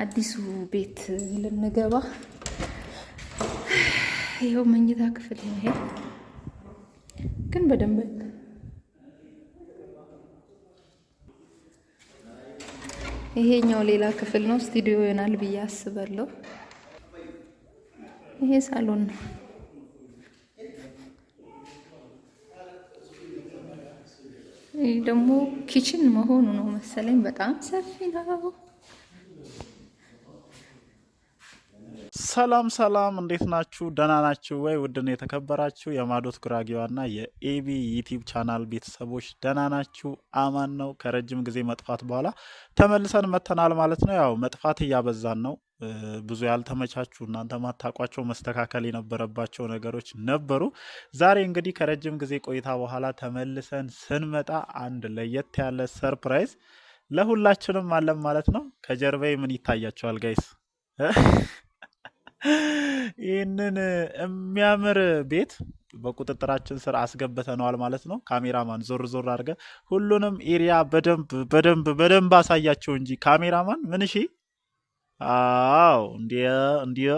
አዲሱ ቤት ልንገባ ይኸው መኝታ ክፍል ይሄ ግን በደንብ ይሄኛው ሌላ ክፍል ነው፣ ስቱዲዮ ይሆናል ብዬ አስባለሁ። ይሄ ሳሎን ነው። ይህ ደግሞ ኪችን መሆኑ ነው መሰለኝ። በጣም ሰፊ ነው። ሰላም ሰላም፣ እንዴት ናችሁ? ደህና ናችሁ ወይ? ውድን የተከበራችሁ የማዶት ጉራጌዋና የኤቢ ዩቲዩብ ቻናል ቤተሰቦች ደህና ናችሁ? አማን ነው። ከረጅም ጊዜ መጥፋት በኋላ ተመልሰን መተናል ማለት ነው። ያው መጥፋት እያበዛን ነው። ብዙ ያልተመቻችሁ እናንተ ማታቋቸው መስተካከል የነበረባቸው ነገሮች ነበሩ። ዛሬ እንግዲህ ከረጅም ጊዜ ቆይታ በኋላ ተመልሰን ስንመጣ አንድ ለየት ያለ ሰርፕራይዝ ለሁላችንም አለን ማለት ነው። ከጀርባዬ ምን ይታያቸዋል ጋይስ? ይህንን የሚያምር ቤት በቁጥጥራችን ስር አስገብተነዋል ማለት ነው። ካሜራማን ዞር ዞር አድርገ ሁሉንም ኤሪያ በደንብ በደንብ በደንብ አሳያቸው እንጂ ካሜራማን ምን እሺ። አዎ፣ እንዲያ እንዲያ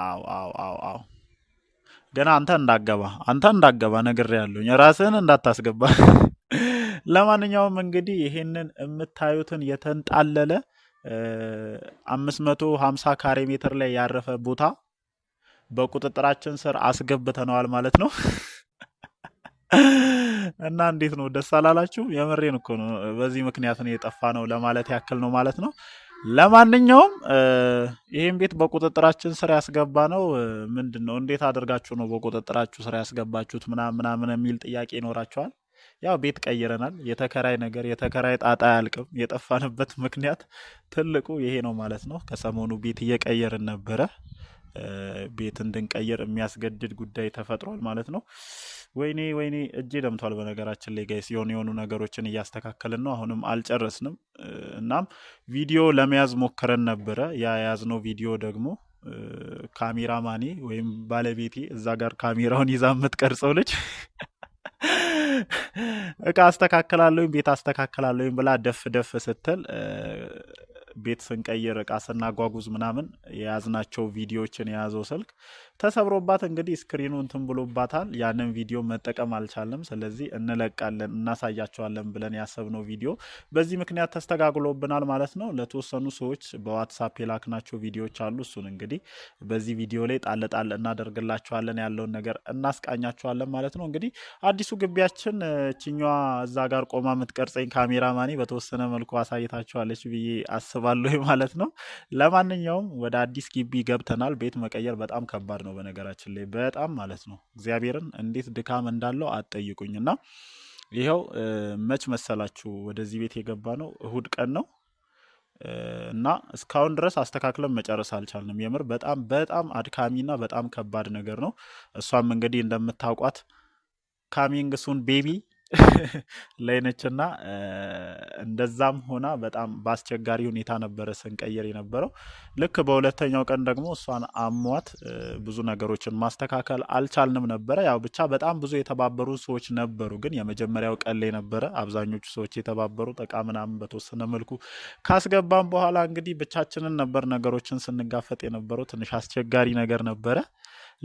አዎ፣ አዎ፣ አዎ፣ አዎ። ገና አንተ እንዳገባ አንተ እንዳገባ ነግሬ ያለሁኝ ራስህን እንዳታስገባ ለማንኛውም እንግዲህ ይሄንን የምታዩትን የተንጣለለ 550 ካሬ ሜትር ላይ ያረፈ ቦታ በቁጥጥራችን ስር አስገብተነዋል ማለት ነው። እና እንዴት ነው ደስ አላላችሁ? የምሬን እኮ ነው። በዚህ ምክንያት ነው የጠፋ ነው ለማለት ያክል ነው ማለት ነው። ለማንኛውም ይህም ቤት በቁጥጥራችን ስር ያስገባ ነው። ምንድን ነው እንዴት አድርጋችሁ ነው በቁጥጥራችሁ ስር ያስገባችሁት ምናምን ምናምን የሚል ጥያቄ ይኖራቸዋል። ያው ቤት ቀይረናል። የተከራይ ነገር የተከራይ ጣጣ አያልቅም። የጠፋንበት ምክንያት ትልቁ ይሄ ነው ማለት ነው። ከሰሞኑ ቤት እየቀየርን ነበረ። ቤት እንድንቀይር የሚያስገድድ ጉዳይ ተፈጥሯል ማለት ነው። ወይኔ ወይኔ እጄ ደምቷል። በነገራችን ላይ ጋይስ የሆኑ የሆኑ ነገሮችን እያስተካከልን ነው። አሁንም አልጨረስንም። እናም ቪዲዮ ለመያዝ ሞክረን ነበረ። ያ የያዝነው ቪዲዮ ደግሞ ካሜራ ማኔ ወይም ባለቤቴ እዛ ጋር ካሜራውን ይዛ የምትቀርጸው ልጅ እቃ አስተካከላለሁኝ ቤት አስተካከላለሁኝ ብላ ደፍ ደፍ ስትል ቤት ስንቀይር እቃ ስናጓጉዝ ምናምን የያዝናቸው ቪዲዮዎችን የያዘው ስልክ ተሰብሮባት እንግዲህ ስክሪኑ እንትን ብሎባታል። ያንን ቪዲዮ መጠቀም አልቻለም። ስለዚህ እንለቃለን እናሳያቸዋለን ብለን ያሰብነው ቪዲዮ በዚህ ምክንያት ተስተጋግሎብናል ማለት ነው። ለተወሰኑ ሰዎች በዋትሳፕ የላክናቸው ቪዲዮዎች አሉ። እሱን እንግዲህ በዚህ ቪዲዮ ላይ ጣልጣል እናደርግላቸዋለን፣ ያለውን ነገር እናስቃኛቸዋለን ማለት ነው። እንግዲህ አዲሱ ግቢያችን እችኛዋ እዛ ጋር ቆማ የምትቀርጸኝ ካሜራማኔ በተወሰነ መልኩ አሳይታቸዋለች ብዬ አስባል ይገባሉ ማለት ነው። ለማንኛውም ወደ አዲስ ግቢ ገብተናል። ቤት መቀየር በጣም ከባድ ነው በነገራችን ላይ በጣም ማለት ነው። እግዚአብሔርን እንዴት ድካም እንዳለው አጠይቁኝ። እና ይኸው መች መሰላችሁ ወደዚህ ቤት የገባ ነው እሁድ ቀን ነው እና እስካሁን ድረስ አስተካክለን መጨረስ አልቻልንም። የምር በጣም በጣም አድካሚና በጣም ከባድ ነገር ነው። እሷም እንግዲህ እንደምታውቋት ካሚንግ ሱን ቤቢ ላይ ነችና እንደዛም ሆና በጣም በአስቸጋሪ ሁኔታ ነበረ ስንቀይር የነበረው። ልክ በሁለተኛው ቀን ደግሞ እሷን አሟት ብዙ ነገሮችን ማስተካከል አልቻልንም ነበረ። ያው ብቻ በጣም ብዙ የተባበሩ ሰዎች ነበሩ፣ ግን የመጀመሪያው ቀን ላይ ነበረ አብዛኞቹ ሰዎች የተባበሩ ጠቃ ምናምን በተወሰነ መልኩ ካስገባም በኋላ እንግዲህ ብቻችንን ነበር ነገሮችን ስንጋፈጥ የነበረው። ትንሽ አስቸጋሪ ነገር ነበረ።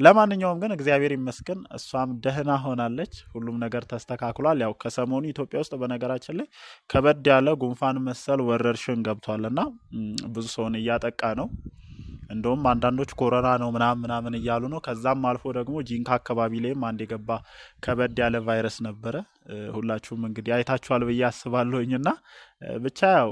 ለማንኛውም ግን እግዚአብሔር ይመስገን እሷም ደህና ሆናለች። ሁሉም ነገር ተስተካክሏል። ያው ከሰሞኑ ኢትዮጵያ ውስጥ በነገራችን ላይ ከበድ ያለ ጉንፋን መሰል ወረርሽን እና ብዙ ሰውን እያጠቃ ነው። እንደውም አንዳንዶች ኮረና ነው ምናምን ምናምን እያሉ ነው። ከዛም አልፎ ደግሞ ጂንካ አካባቢ ላይም አንድ የገባ ከበድ ያለ ቫይረስ ነበረ። ሁላችሁም እንግዲህ አይታችኋል ብዬ አስባለሁኝ እና ብቻ ያው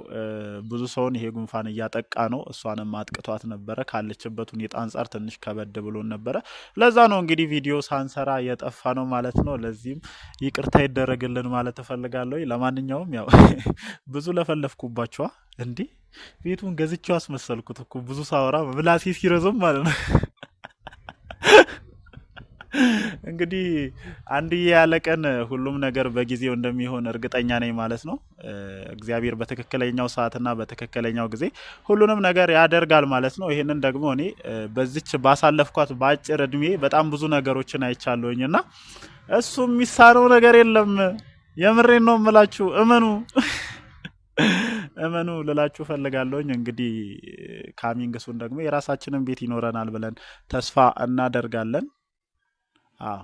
ብዙ ሰውን ይሄ ጉንፋን እያጠቃ ነው። እሷንም አጥቅቷት ነበረ። ካለችበት ሁኔታ አንጻር ትንሽ ከበድ ብሎን ነበረ። ለዛ ነው እንግዲህ ቪዲዮ ሳንሰራ የጠፋ ነው ማለት ነው። ለዚህም ይቅርታ ይደረግልን ማለት እፈልጋለሁ። ለማንኛውም ያው ብዙ ለፈለፍኩባቸዋ እንዲህ ቤቱን ገዝቼው አስመሰልኩት እኮ ብዙ ሳወራ ምላሴ ሲረዝም ማለት ነው። እንግዲህ አንድዬ ያለ ቀን ሁሉም ነገር በጊዜው እንደሚሆን እርግጠኛ ነኝ ማለት ነው። እግዚአብሔር በትክክለኛው ሰዓትና በትክክለኛው ጊዜ ሁሉንም ነገር ያደርጋል ማለት ነው። ይህንን ደግሞ እኔ በዚች ባሳለፍኳት በአጭር እድሜ በጣም ብዙ ነገሮችን አይቻለሁኝ እና እሱ የሚሳነው ነገር የለም። የምሬን ነው የምላችሁ፣ እመኑ። እመኑ ልላችሁ ፈልጋለሁኝ። እንግዲህ ካሚንግ ሱን ደግሞ የራሳችንን ቤት ይኖረናል ብለን ተስፋ እናደርጋለን። አዎ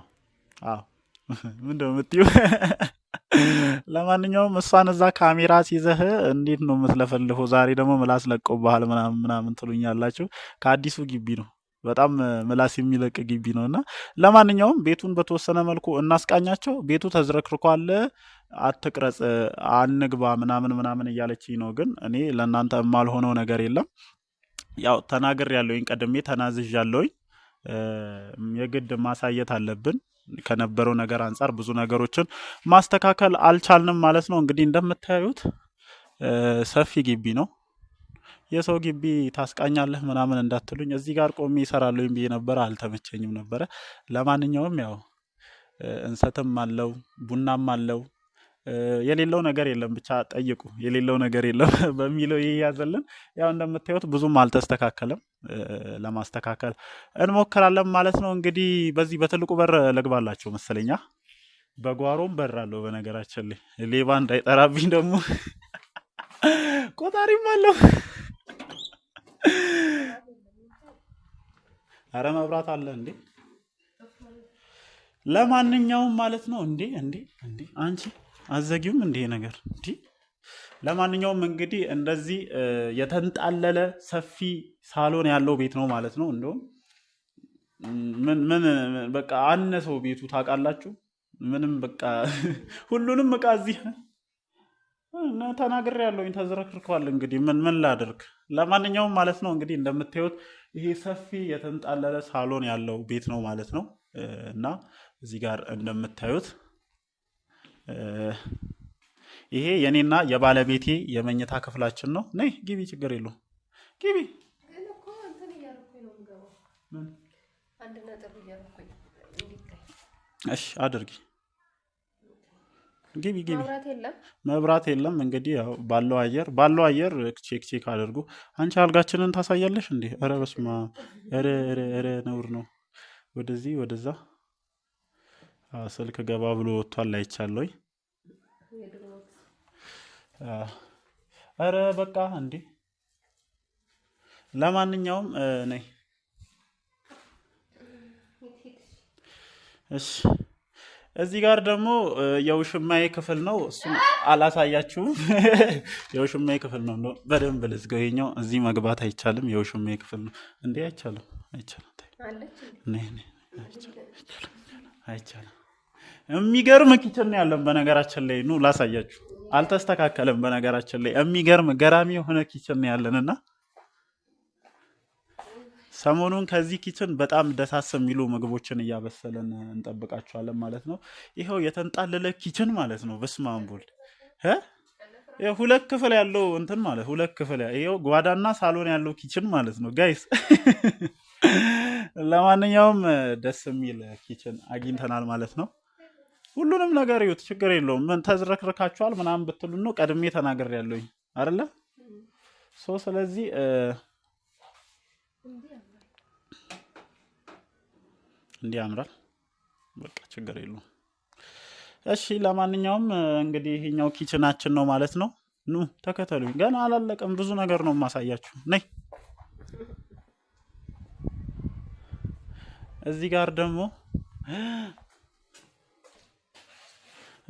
አዎ፣ ምንድነው የምትዩ? ለማንኛውም እሷን እዛ ካሜራ ሲዘህ እንዴት ነው የምትለፈልፈው? ዛሬ ደግሞ ምላስ ለቀው ባህል ምናምን ምናምን ትሉኛላችሁ። ከአዲሱ ግቢ ነው በጣም ምላስ የሚለቅ ግቢ ነው እና ለማንኛውም ቤቱን በተወሰነ መልኩ እናስቃኛቸው። ቤቱ ተዝረክርኳለ አትቅረጽ፣ አንግባ ምናምን ምናምን እያለች ነው። ግን እኔ ለእናንተ የማልሆነው ነገር የለም። ያው ተናግር ያለውኝ ቀድሜ ተናዝዥ ያለውኝ የግድ ማሳየት አለብን። ከነበረው ነገር አንጻር ብዙ ነገሮችን ማስተካከል አልቻልንም ማለት ነው። እንግዲህ እንደምታዩት ሰፊ ግቢ ነው። የሰው ግቢ ታስቃኛለህ ምናምን እንዳትሉኝ እዚህ ጋር ቆሜ ይሰራለሁኝ ብዬ ነበረ። አልተመቸኝም ነበረ። ለማንኛውም ያው እንሰትም አለው ቡናም አለው የሌለው ነገር የለም። ብቻ ጠይቁ፣ የሌለው ነገር የለም በሚለው ይያዘልን። ያው እንደምታዩት ብዙም አልተስተካከለም፣ ለማስተካከል እንሞክራለን ማለት ነው። እንግዲህ በዚህ በትልቁ በር ለግባላቸው መሰለኛ። በጓሮም በር አለው በነገራችን ላይ ሌባ እንዳይጠራብኝ ደግሞ ቆጣሪም አለው። አረ መብራት አለ እንዴ? ለማንኛውም ማለት ነው እንዴ እንዴ እንዴ አንቺ አዘጊውም እንዴ ነገር እንዴ። ለማንኛውም እንግዲህ እንደዚህ የተንጣለለ ሰፊ ሳሎን ያለው ቤት ነው ማለት ነው። እንደውም ምን ምን በቃ አነሰው ቤቱ ታውቃላችሁ። ምንም በቃ ሁሉንም እቃ እዚህ ተናግሬ ያለውኝ ተዝረክርከዋል። እንግዲህ ምን ምን ላድርግ? ለማንኛውም ማለት ነው እንግዲህ እንደምታዩት ይሄ ሰፊ የተንጣለለ ሳሎን ያለው ቤት ነው ማለት ነው። እና እዚህ ጋር እንደምታዩት ይሄ የኔና የባለቤቴ የመኝታ ክፍላችን ነው። ነይ ግቢ፣ ችግር የለው ግቢ። እሺ አድርጊ ግቢ ግቢ። መብራት የለም እንግዲህ ያው ባለው አየር ባለው አየር ቼክ ቼክ አድርጉ። አንቺ አልጋችንን ታሳያለሽ እንዴ? ኧረ በስመ አብ! ኧረ ነውር ነው። ወደዚህ ወደዛ ስልክ ገባ ብሎ ወጥቷል። አይቻለሁኝ። ኧረ በቃ እንዴ! ለማንኛውም ነይ እሺ እዚህ ጋር ደግሞ የውሽማዬ ክፍል ነው። እሱ አላሳያችሁም። የውሽማዬ ክፍል ነው። በደንብ ልዝገው። ይኸኛው እዚህ መግባት አይቻልም። የውሽማዬ ክፍል ነው። እንዴ አይቻልም፣ አይቻልም፣ አይቻልም። የሚገርም ኪችን ያለን በነገራችን ላይ ኑ ላሳያችሁ። አልተስተካከለም። በነገራችን ላይ የሚገርም ገራሚ የሆነ ኪችን ያለንና ሰሞኑን ከዚህ ኪችን በጣም ደሳስ የሚሉ ምግቦችን እያበሰለን እንጠብቃቸዋለን ማለት ነው። ይኸው የተንጣለለ ኪችን ማለት ነው። በስማምቡል ሁለት ክፍል ያለው እንትን ማለት ሁለት ክፍል ይኸው ጓዳና ሳሎን ያለው ኪችን ማለት ነው ጋይስ። ለማንኛውም ደስ የሚል ኪችን አግኝተናል ማለት ነው። ሁሉንም ነገር ይዩት፣ ችግር የለውም። ምን ተዝረክርካችኋል ምናምን ብትሉ ነው ቀድሜ ተናገር ያለውኝ አይደለ ሶ ስለዚህ እንዲህ ያምራል። በቃ ችግር የለውም። እሺ ለማንኛውም እንግዲህ ይሄኛው ኪችናችን ነው ማለት ነው። ኑ ተከተሉኝ፣ ገና አላለቀም። ብዙ ነገር ነው ማሳያችሁ ነይ እዚህ ጋር ደግሞ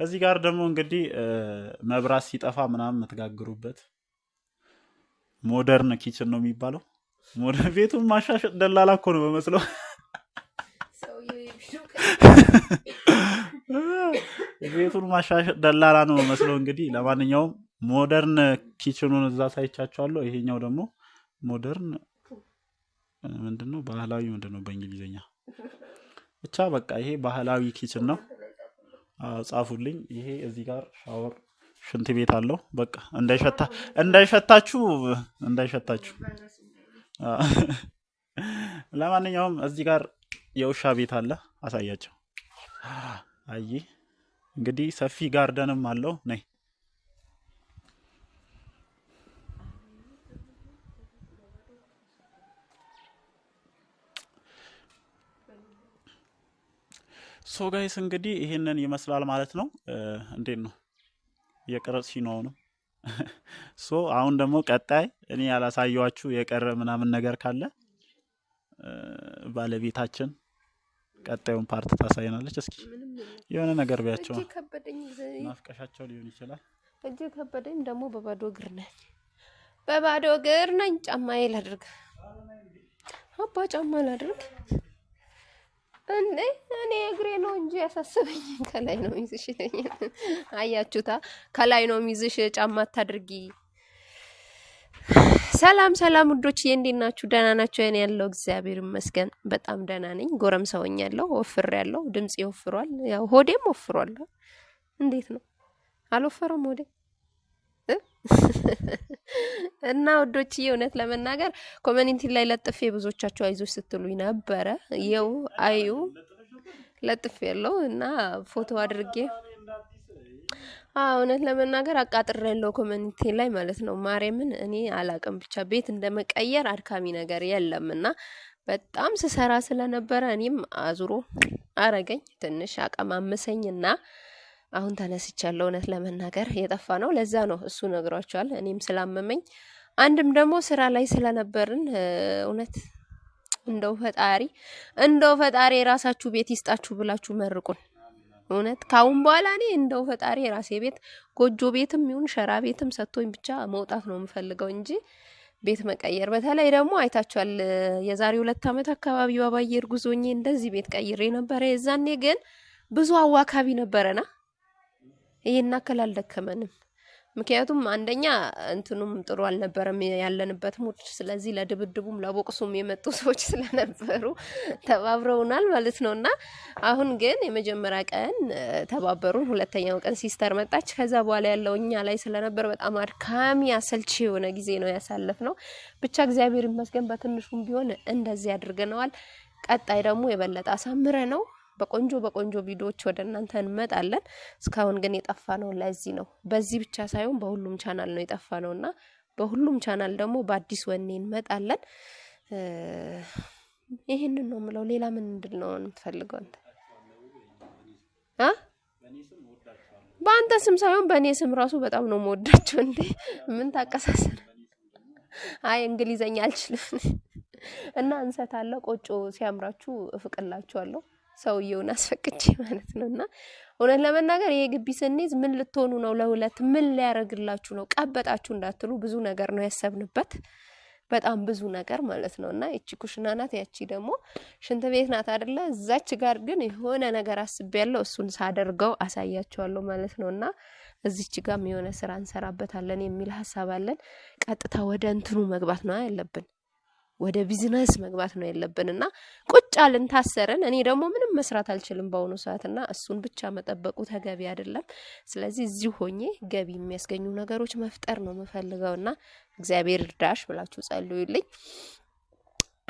እዚህ ጋር ደግሞ እንግዲህ መብራት ሲጠፋ ምናምን የምትጋግሩበት ሞደርን ኪችን ነው የሚባለው። ቤቱን ማሻሸጥ ደላላ ኮ ነው በመስለው ቤቱን ማሻሻል ደላላ ነው መስሎ እንግዲህ። ለማንኛውም ሞደርን ኪችኑን እዛ ሳይቻቸዋለሁ። ይሄኛው ደግሞ ሞደርን ምንድነው ባህላዊ ምንድነው በእንግሊዝኛ ብቻ በቃ ይሄ ባህላዊ ኪችን ነው። ጻፉልኝ። ይሄ እዚህ ጋር ሻወር ሽንት ቤት አለው። በቃ እንዳይሸታ እንዳይሸታችሁ እንዳይሸታችሁ። ለማንኛውም እዚህ ጋር የውሻ ቤት አለ። አሳያቸው አይ እንግዲህ ሰፊ ጋርደንም አለው። ነይ ሶ ጋይስ እንግዲህ ይህንን ይመስላል ማለት ነው። እንዴት ነው የቀረጽ ሲኖው ነው። ሶ አሁን ደግሞ ቀጣይ እኔ ያላሳየዋችሁ የቀረ ምናምን ነገር ካለ ባለቤታችን ቀጣዩን ፓርት ታሳየናለች እስኪ የሆነ ነገር ቢያቸው ማፍቀሻቸው ሊሆን ይችላል። እጅ ከበደኝ ደግሞ በባዶ እግር ነኝ፣ በባዶ እግር ነኝ። ጫማ ላድርግ፣ አባ ጫማ ላድርግ። እንዴ እኔ እግሬ ነው እንጂ ያሳስበኝ ከላይ ነው ሚዝሽ አያችሁታ፣ ከላይ ነው ሚዝሽ ጫማ አታድርጊ። ሰላም ሰላም ውዶች እንዴት ናችሁ? ደህና ናቸው? እኔ ያለው እግዚአብሔር ይመስገን በጣም ደህና ነኝ። ጎረም ሰውኝ ያለው ወፍር ያለው ድምጽ ወፍሯል፣ ያው ሆዴም ወፍሯል። እንዴት ነው አልወፈረም ሆዴ? እና ውዶችዬ እውነት ለመናገር ኮሚኒቲ ላይ ለጥፌ ብዙዎቻችሁ አይዞች ስትሉኝ ነበረ። የው አዩ ለጥፌ ያለው እና ፎቶ አድርጌ እውነት ለመናገር አቃጥር ያለው ኮሚኒቲ ላይ ማለት ነው። ማርያምን እኔ አላቅም ብቻ ቤት እንደመቀየር አድካሚ ነገር የለም እና በጣም ስሰራ ስለነበረ እኔም አዙሮ አረገኝ ትንሽ አቀማመሰኝ እና አሁን ተነስቻለሁ። እውነት ለመናገር የጠፋ ነው። ለዛ ነው እሱ ነግሯቸዋል። እኔም ስላመመኝ አንድም ደግሞ ስራ ላይ ስለነበርን እውነት እንደው ፈጣሪ እንደው ፈጣሪ የራሳችሁ ቤት ይስጣችሁ ብላችሁ መርቁን። እውነት ካሁን በኋላ እኔ እንደው ፈጣሪ የራሴ ቤት ጎጆ ቤትም ይሁን ሸራ ቤትም ሰጥቶኝ ብቻ መውጣት ነው የምፈልገው እንጂ ቤት መቀየር። በተለይ ደግሞ አይታችኋል፣ የዛሬ ሁለት ዓመት አካባቢ ባባየር ጉዞኜ እንደዚህ ቤት ቀይሬ ነበረ። የዛኔ ግን ብዙ አዋካቢ ነበረና ይሄን አክል አልደከመንም። ምክንያቱም አንደኛ እንትኑም ጥሩ አልነበረም ያለንበት ሙድ። ስለዚህ ለድብድቡም ለቦቅሱም የመጡ ሰዎች ስለነበሩ ተባብረውናል ማለት ነው። እና አሁን ግን የመጀመሪያ ቀን ተባበሩን፣ ሁለተኛው ቀን ሲስተር መጣች። ከዛ በኋላ ያለው እኛ ላይ ስለነበር በጣም አድካሚ አሰልቺ የሆነ ጊዜ ነው ያሳለፍ ነው። ብቻ እግዚአብሔር ይመስገን በትንሹም ቢሆን እንደዚህ አድርገነዋል። ቀጣይ ደግሞ የበለጠ አሳምረ ነው በቆንጆ በቆንጆ ቪዲዮዎች ወደ እናንተ እንመጣለን። እስካሁን ግን የጠፋ ነው ለዚህ ነው። በዚህ ብቻ ሳይሆን በሁሉም ቻናል ነው የጠፋ ነው እና በሁሉም ቻናል ደግሞ በአዲስ ወኔ እንመጣለን። ይህንን ነው ምለው ሌላ ምን እንድል ነው የምትፈልገው አንተ? በአንተ ስም ሳይሆን በእኔ ስም ራሱ በጣም ነው መወዳቸው። እንዴ ምን ታቀሳሰር? አይ እንግሊዘኛ አልችልም እና እንሰታለሁ። ቆጮ ሲያምራችሁ እፍቅላችኋለሁ። ሰውየውን አስፈቅጄ ማለት ነው። እና እውነት ለመናገር ይሄ ግቢ ስንይዝ ምን ልትሆኑ ነው? ለሁለት ምን ሊያደርግላችሁ ነው? ቀበጣችሁ እንዳትሉ ብዙ ነገር ነው ያሰብንበት፣ በጣም ብዙ ነገር ማለት ነው። እና ይቺ ኩሽና ናት፣ ያቺ ደግሞ ሽንት ቤት ናት አደለ? እዛች ጋር ግን የሆነ ነገር አስቤያለሁ፣ እሱን ሳደርገው አሳያችኋለሁ ማለት ነው። እና እዚች ጋም የሆነ ስራ እንሰራበታለን የሚል ሀሳብ አለን። ቀጥታ ወደ እንትኑ መግባት ነው ያለብን ወደ ቢዝነስ መግባት ነው ያለብን እና ቁጭ አልን ታሰረን። እኔ ደግሞ ምንም መስራት አልችልም በአሁኑ ሰዓት እና እሱን ብቻ መጠበቁ ተገቢ አይደለም። ስለዚህ እዚሁ ሆኜ ገቢ የሚያስገኙ ነገሮች መፍጠር ነው የምፈልገው እና እግዚአብሔር እርዳሽ ብላችሁ ጸልዩልኝ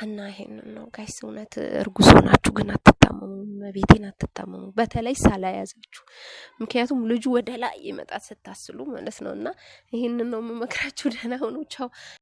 እና ይሄን ነው ጋይስ። እውነት እርጉዝ ሆናችሁ ግን አትታመሙ፣ መቤቴን አትታመሙ፣ በተለይ ሳላያዛችሁ። ምክንያቱም ልጁ ወደ ላይ ይመጣ ስታስሉ ማለት ነው እና ይህን ነው የምመክራችሁ። ደህና ሆኖ ቻው።